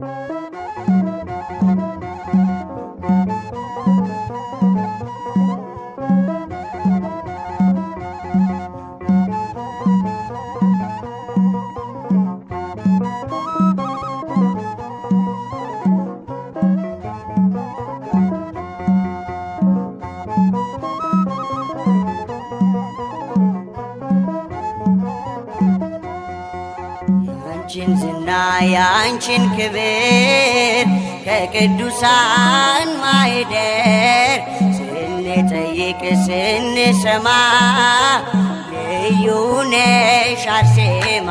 Thank you. ያንቺን ዝና ያንቺን ክብር ከቅዱሳን ማይደር ስንጠይቅ ስንሰማ ልዩ ነሽ አርሴማ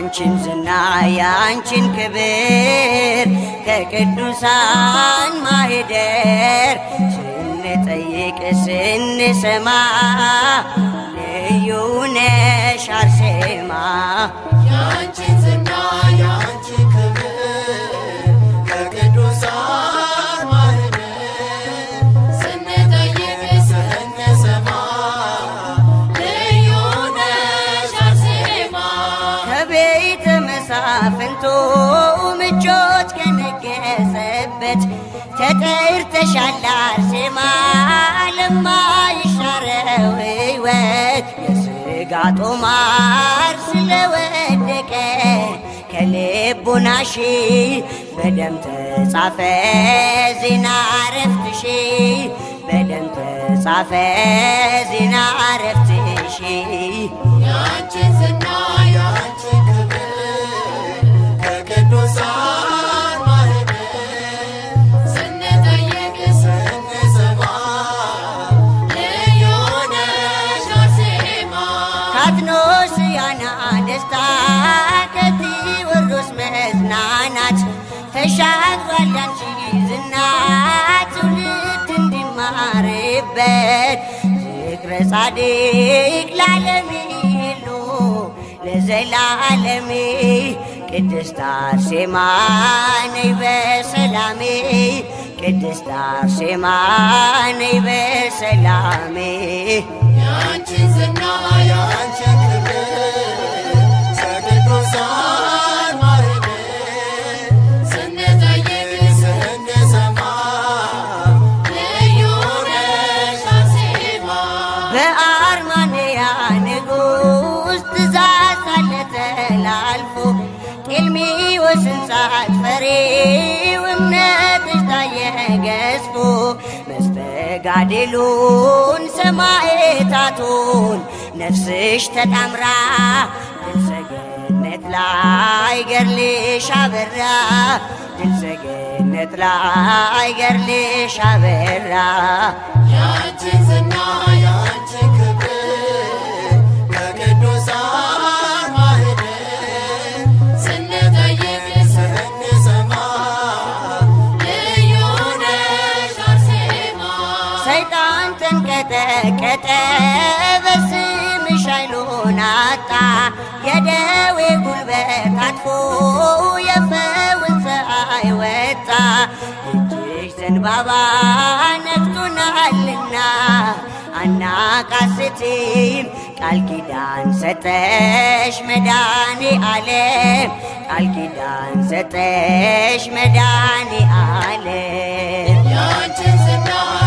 ያንቺን ዝና ያንቺን ክብር ከቅዱሳን ማህደር ስንጠይቅ ስንሰማ ልዩ ነሽ አርሴማ አፍንቶ ምቾት ከነገሰበት ተጠርተሻል አርሴማ ለማይሻረው ሕይወት የሥጋ ጦማር ስለወደቀ ከልቦናሽ በደም ተጻፈ ዜና ዕረፍትሽ በደም ተጻፈ ዜና ዕረፍትሽ ተሻግሯል ያንቺ ዝና ትውልድ እንዲማርበት ዝክረ ጻድቅ ላለም ይሉ ለዘላለም ቅድስት አርሴማ ነይ በሰላሜ ቅድስት አርሴማ ነይ በሰላሜ ያንቺ ዝና ያንቺ መብራት ፈሪው እምነትሽ ታየ ገዝፎ መስተጋድሉን ሰማዕታቱን ነፍስሽ ተጣምራ ድል ሰገነት ላይ ገርልሽ አበራ ድል ላይ ገርልሽ አበራ ያንቺ ዝና ተገለጠ በስምሽ ኃይሉን አጣ የደዌ ጉልበት አጥፎ የፈውስ ፀሐይ ወጣ እጅሽ ዘንባባ ነክቶናልና አናቃስትም ቃል ኪዳን ሰጠሽ መዳኔ ዓለም ቃል ኪዳን ሰጠሽ መድኃኔ ዓለም ያንቺን ዝና